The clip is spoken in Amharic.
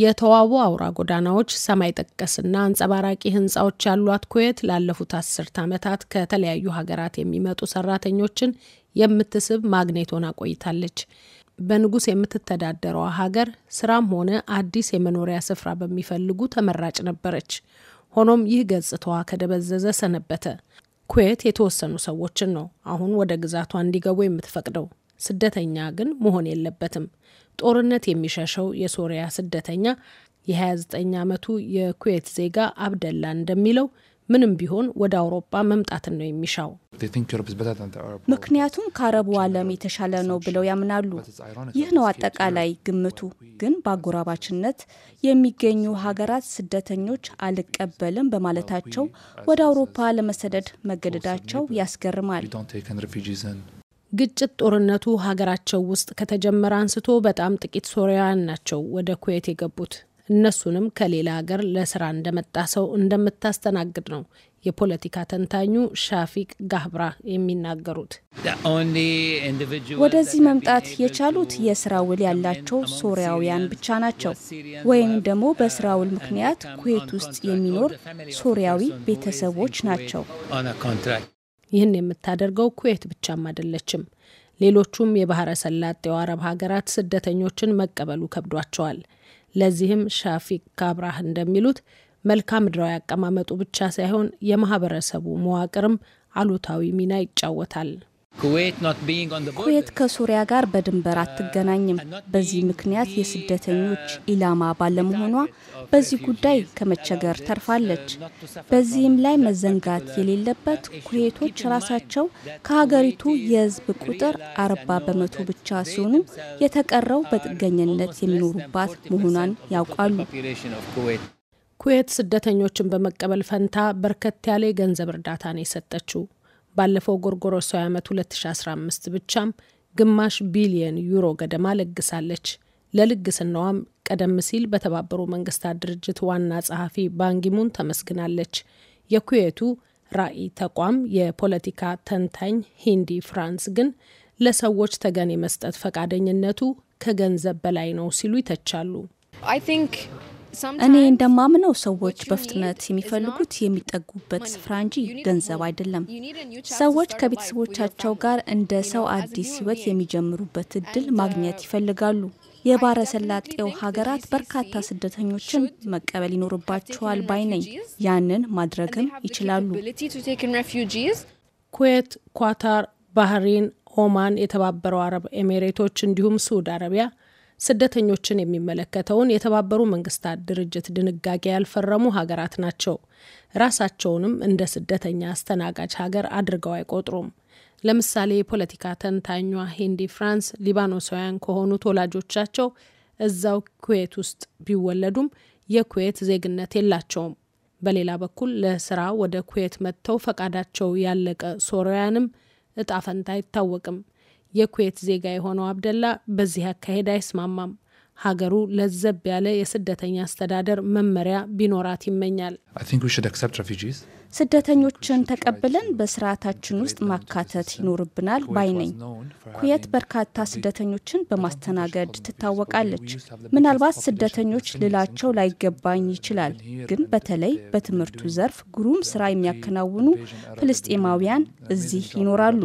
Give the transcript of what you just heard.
የተዋቡ አውራ ጎዳናዎች፣ ሰማይ ጠቀስና አንጸባራቂ ህንፃዎች ያሏት ኩዌት ላለፉት አስርት ዓመታት ከተለያዩ ሀገራት የሚመጡ ሰራተኞችን የምትስብ ማግኔት ሆና ቆይታለች። በንጉሥ የምትተዳደረዋ ሀገር ስራም ሆነ አዲስ የመኖሪያ ስፍራ በሚፈልጉ ተመራጭ ነበረች። ሆኖም ይህ ገጽታዋ ከደበዘዘ ሰነበተ። ኩዌት የተወሰኑ ሰዎችን ነው አሁን ወደ ግዛቷ እንዲገቡ የምትፈቅደው። ስደተኛ ግን መሆን የለበትም። ጦርነት የሚሸሸው የሶሪያ ስደተኛ የ29 ዓመቱ የኩዌት ዜጋ አብደላ እንደሚለው ምንም ቢሆን ወደ አውሮፓ መምጣትን ነው የሚሻው። ምክንያቱም ከአረቡ ዓለም የተሻለ ነው ብለው ያምናሉ። ይህ ነው አጠቃላይ ግምቱ። ግን በአጎራባችነት የሚገኙ ሀገራት ስደተኞች አልቀበልም በማለታቸው ወደ አውሮፓ ለመሰደድ መገደዳቸው ያስገርማል። ግጭት ጦርነቱ ሀገራቸው ውስጥ ከተጀመረ አንስቶ በጣም ጥቂት ሶሪያውያን ናቸው ወደ ኩዌት የገቡት። እነሱንም ከሌላ ሀገር ለስራ እንደመጣ ሰው እንደምታስተናግድ ነው የፖለቲካ ተንታኙ ሻፊቅ ጋህብራ የሚናገሩት። ወደዚህ መምጣት የቻሉት የስራ ውል ያላቸው ሶሪያውያን ብቻ ናቸው፣ ወይም ደግሞ በስራ ውል ምክንያት ኩዌት ውስጥ የሚኖር ሶሪያዊ ቤተሰቦች ናቸው። ይህን የምታደርገው ኩዌት ብቻም አይደለችም። ሌሎቹም የባህረ ሰላጤው አረብ ሀገራት ስደተኞችን መቀበሉ ከብዷቸዋል። ለዚህም ሻፊቅ ካብራህ እንደሚሉት መልክዓ ምድራዊ አቀማመጡ ብቻ ሳይሆን የማህበረሰቡ መዋቅርም አሉታዊ ሚና ይጫወታል። ኩዌት ከሱሪያ ጋር በድንበር አትገናኝም። በዚህ ምክንያት የስደተኞች ኢላማ ባለመሆኗ በዚህ ጉዳይ ከመቸገር ተርፋለች። በዚህም ላይ መዘንጋት የሌለበት ኩዌቶች ራሳቸው ከሀገሪቱ የሕዝብ ቁጥር አርባ በመቶ ብቻ ሲሆኑ የተቀረው በጥገኝነት የሚኖሩባት መሆኗን ያውቃሉ። ኩዌት ስደተኞችን በመቀበል ፈንታ በርከት ያለ የገንዘብ እርዳታ ነው የሰጠችው። ባለፈው ጎርጎሮሳዊ ዓመት 2015 ብቻም ግማሽ ቢሊየን ዩሮ ገደማ ለግሳለች። ለልግስናዋም ቀደም ሲል በተባበሩ መንግስታት ድርጅት ዋና ጸሐፊ ባንኪሙን ተመስግናለች። የኩዌቱ ራዕይ ተቋም የፖለቲካ ተንታኝ ሂንዲ ፍራንስ ግን ለሰዎች ተገን የመስጠት ፈቃደኝነቱ ከገንዘብ በላይ ነው ሲሉ ይተቻሉ። እኔ እንደማምነው ሰዎች በፍጥነት የሚፈልጉት የሚጠጉበት ስፍራ እንጂ ገንዘብ አይደለም። ሰዎች ከቤተሰቦቻቸው ጋር እንደ ሰው አዲስ ሕይወት የሚጀምሩበት እድል uh, ማግኘት ይፈልጋሉ። የባህረ ሰላጤው ሀገራት በርካታ ስደተኞችን መቀበል ይኖርባቸዋል ባይ ነኝ። ያንን ማድረግም ይችላሉ። ኩዌት፣ ኳታር፣ ባህሬን፣ ኦማን፣ የተባበረው አረብ ኤሜሬቶች እንዲሁም ሳዑዲ አረቢያ ስደተኞችን የሚመለከተውን የተባበሩ መንግስታት ድርጅት ድንጋጌ ያልፈረሙ ሀገራት ናቸው። ራሳቸውንም እንደ ስደተኛ አስተናጋጅ ሀገር አድርገው አይቆጥሩም። ለምሳሌ የፖለቲካ ተንታኟ ሂንዲ ፍራንስ ሊባኖሳውያን ከሆኑት ወላጆቻቸው እዛው ኩዌት ውስጥ ቢወለዱም የኩዌት ዜግነት የላቸውም። በሌላ በኩል ለስራ ወደ ኩዌት መጥተው ፈቃዳቸው ያለቀ ሶሪያንም እጣ ፈንታ አይታወቅም። የኩዌት ዜጋ የሆነው አብደላ በዚህ አካሄድ አይስማማም። ሀገሩ ለዘብ ያለ የስደተኛ አስተዳደር መመሪያ ቢኖራት ይመኛል። ስደተኞችን ተቀብለን በስርዓታችን ውስጥ ማካተት ይኖርብናል ባይ ነኝ። ኩዌት በርካታ ስደተኞችን በማስተናገድ ትታወቃለች። ምናልባት ስደተኞች ልላቸው ላይገባኝ ይችላል፣ ግን በተለይ በትምህርቱ ዘርፍ ግሩም ስራ የሚያከናውኑ ፍልስጤማውያን እዚህ ይኖራሉ።